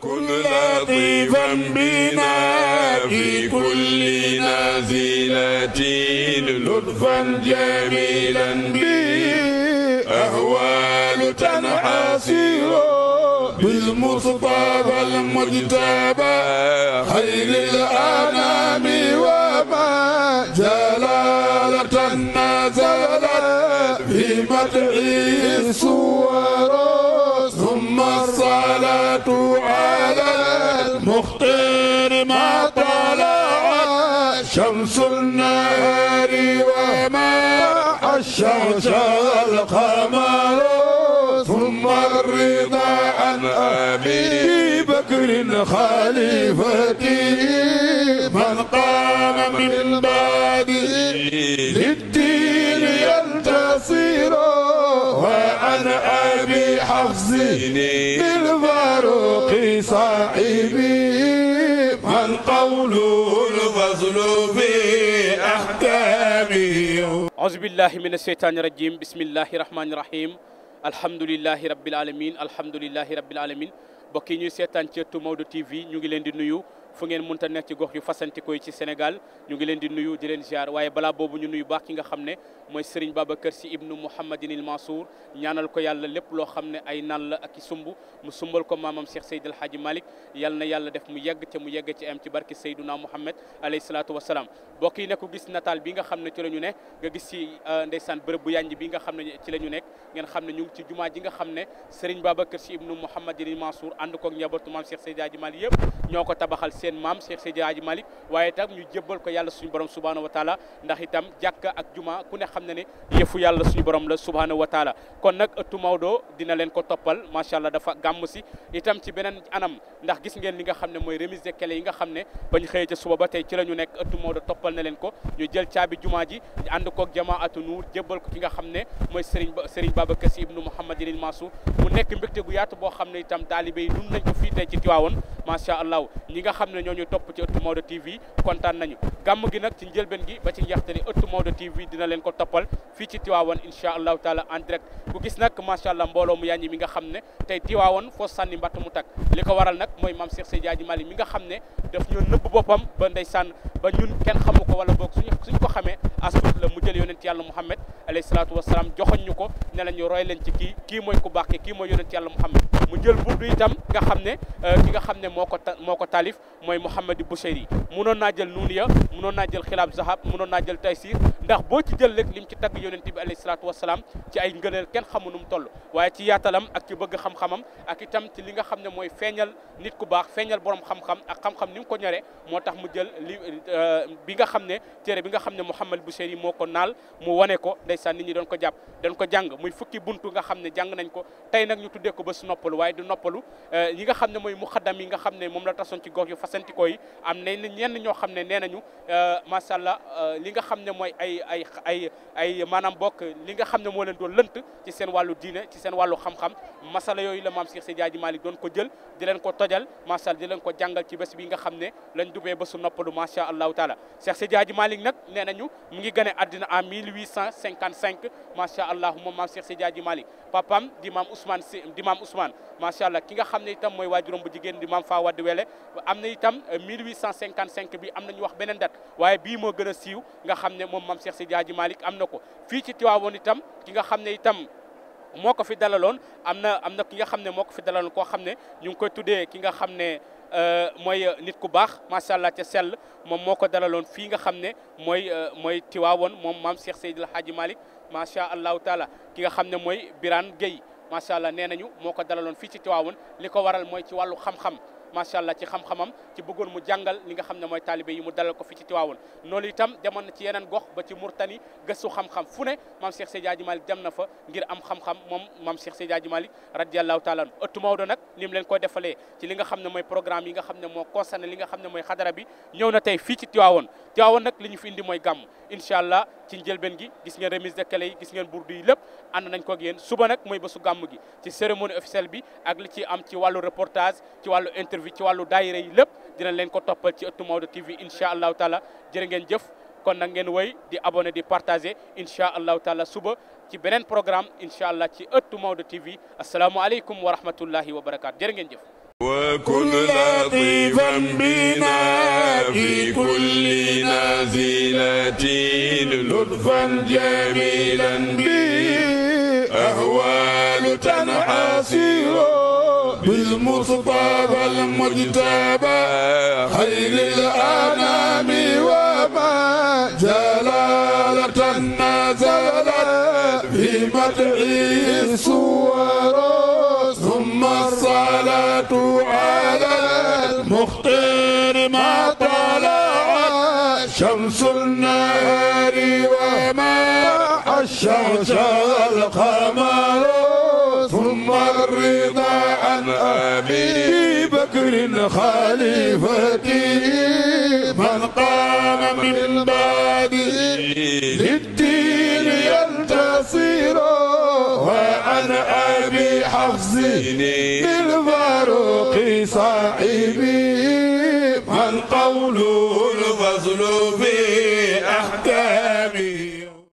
كن لطيفا بنا في كل نازلة لطفا جميلا به أهوال تنحسر بالمصطفى المجتبى خير الأنام وما جلالة نزلت في مدعي السور شمس النهار وما الشمس القمر ثم الرضا عن أبي بكر خليفتي من قام من بعده للدين ينتصر وعن أبي حفظي بالفاروق صاحبي والقول الفضل بأحكامه أعوذ بالله من الشيطان الرجيم بسم الله الرحمن الرحيم الحمد لله رب العالمين الحمد لله رب العالمين mbokk yi ñuy seetaan ci ëttu Maodo TV ñu ngi leen di nuyu fu ngeen mënta nekk ci gox yu fasanti koy ci Sénégal ñu ngi leen di nuyu di leen ziar waye bala bobu ñu nuyu baax ki nga xamne moy mooy Serigne Babacar Sy ibnu muhammadin al Mansour ñaanal ko yàlla lépp lo xamne ay nal la ak sumbu mu sumbal ko mamam Cheikh seyd al Hadji malik yàlla na yàlla def mu yegg ci mu yegg ci am ci barki sayyiduna muhammad alayhi salatu wassalam bokk yi ne ku gis natal bi nga xamne ci lañu ne nga gis ci ndeysaan bërëb bu yànj bi nga xamne ci lañu nek ngeen xamne ñu ci juma ji nga xamne ne Serigne Babacar Sy ibnu muhammadin al Mansour ànd ko ak njabootu mam Cheikh seyd al Hadji malik yeb ñoko tabaxal sen mam Cheikh sidi Hadji malik waye tam ñu jébbal ko yàlla suñu borom subhanahu wa taala ndax itam jakk ak juma ku ne xam ne yëfu yàlla suñu borom la subhanahu wa taala kon nak ëttu mawdo dina len ko ma sha allah dafa gam si itam ci benen anam ndax gis ngeen li nga xamne moy remise de clé yi nga xamne bañ xëyee ci suba ba tay ci lañu nek nekk mawdo topal na len ko ñu jël caabi juma ji ànd ak jamaatu nur jébbal ko ki nga xamne moy Serigne Serigne baba kassi ibnu ibn masu mu nek mbekté gu yaatu bo xamne itam taalibe yi dund nañ ko fi tey ci ma sha allah ñi nga xam na ne ñoo ñu topp ci ëttu Maodo TV kontaan nañu gàmm gi nag ci njëlbeen gi ba ci njeexte li ëttu Maodo TV dina leen ko toppal fii ci Tiwaawan incha allahu taala en direct ku gis nag macha allah mbooloo mu yàññi mi nga xam ne tey Tiwaawan foo sànni mbatt mu tak li ko waral nag mooy maam Cheikh Seydi Hadji mi nga xam ne daf ñu nëbb boppam ba ndeysaan ba ñun kenn xamu ko wala boog suñu suñ ko xamee asut la mu jël yonent yàlla Muhammad alayhi salaatu wasalaam joxoñ ñu ko ñu roy leen kii kii mooy ku baax kii mooy yonent mu jël burdu itam nga xamne ki nga xamne moko moko talif moy mohammed taalif mënon na jël nuuniya mënon na jël xilaab zahab mënon na jël taysir ndax boo ci jël rek lim ci tagg yonent bi alayhi salaatu wasalaam ci ay ngëneel kenn xamu nu mu toll waaye ci yaatalam ak ci bëgg xam-xamam ak itam ci li nga xam ne mooy feeñal nit ku baax feeñal borom xam ak xam-xam mu ko ñore moo tax mu jël li euh, bi nga xam ne téere bi nga xam ne Mouhamed Bouchayri moo ko naal mu wane ko ndeysaan nit ñi doon ko jàpp doon ko jàng muy fukki buntu nga xam ne jàng nañ ko tey nag ñu tuddee ko bés noppalu waaye du noppalu euh, yi nga xam ne mooy muxaddam yi nga xam ne moom la tasoon ci gox yu fasantikoo yi am nañ ñenn ñoo xam ne nee nañu euh, masàllah li nga xam ne mooy ay ay ay ay ay maanaam bokk li nga xam ne moo leen doon lënt ci seen wàllu diine ci seen wàllu xam-xam masala yooyu la maam Cheikh Seydi Hadji Malick doon ko jël di leen ko tojal macha di leen ko jàngal ci bés bi nga xam ne lañ dubee bésu noppalu macha allahu taala Cheikh Seydi Hadji Malick nag nee nañu mu ngi gane àddina en 1855 macha allah moom maam Cheikh Seydi Hadji Malick papam di maam Ousmane si di maam Ousmane macha allah ki nga xam ne itam mooy waajuram bu jigéen di maam Fawade bi am nañu wax beneen date waaye bii moo a siiw nga xam ne moom maam Cheikh Seydi Hadji malik am na ko fii ci Tiwaawoon itam ki nga xam ne itam moo ko fi dalaloon am na am na ki nga xam ne moo ko fi dalaloon koo xam ne ñu ngi koy tuddee ki nga xam ne euh, mooy euh, nit ku baax macha allah ca sell moom moo ko dalaloon fii nga xam ne mooy euh, mooy Tiwaawoon mom maam Cheikh Seydi Hadji Malick macha allahu taala ki nga xam ne mooy biran Gueye macha allah nee nañu moo ko dalaloon fii ci Tiwaawoon li ko waral mooy ci wàllu xam-xam. macha allah ci xam-xamam ci bëggoon mu jàngal li nga xam ne mooy taalibe yi mu dalal ko fi ci Tiwaawoon noonu itam demoon na ci yeneen gox ba ci Murtani gëstu xam-xam fu ne maam Cheikh Seydi Hadji Malick dem na fa ngir am xam-xam moom maam Cheikh Seydi Hadji Malick radiyallahu taala anu ëttu Maodo nag ni mu leen ko defalee ci li nga xam ne mooy programme yi nga xam ne moo concerné li nga xam ne mooy xadara bi ñëw na tey fii ci Tiwaawoon Tiwaawan nag li ñu fi indi mooy gàmm incha allah ci njëlbeen gi gis ngeen remise de clé yi gis ngeen burdu yi lépp ànd nañ ko ak yéen suba nag mooy bésu gàmm gi ci cérémonie officielle bi ak li ci am ci wàllu reportage ci wàllu interview ci wàllu dayre yi lépp dinañ leen ko toppal ci ëttu Maodo TV incha allah taala jërë ngeen jëf kon nag ngeen woy di abonné di partagé incha allahu taala suba ci beneen programme incha allah ci ëttu Maodo TV asalaamualeykum wa rahmatullahi wa barakaatu jërë ngeen jëf وكن لطيفا بنا في كل نازلة لطفا جميلا به أهوال تنحسر بالمصطفى المجتبى خير الأنام وما جلالة نزلت في مدعي الصور شمس النهار وما الشمس القمر ثم الرضا عن أبي بكر خليفتي من قام من بعده للدين ينتصر وعن أبي حفظي بالفاروق صاحبي من قوله الفضل بأحكامه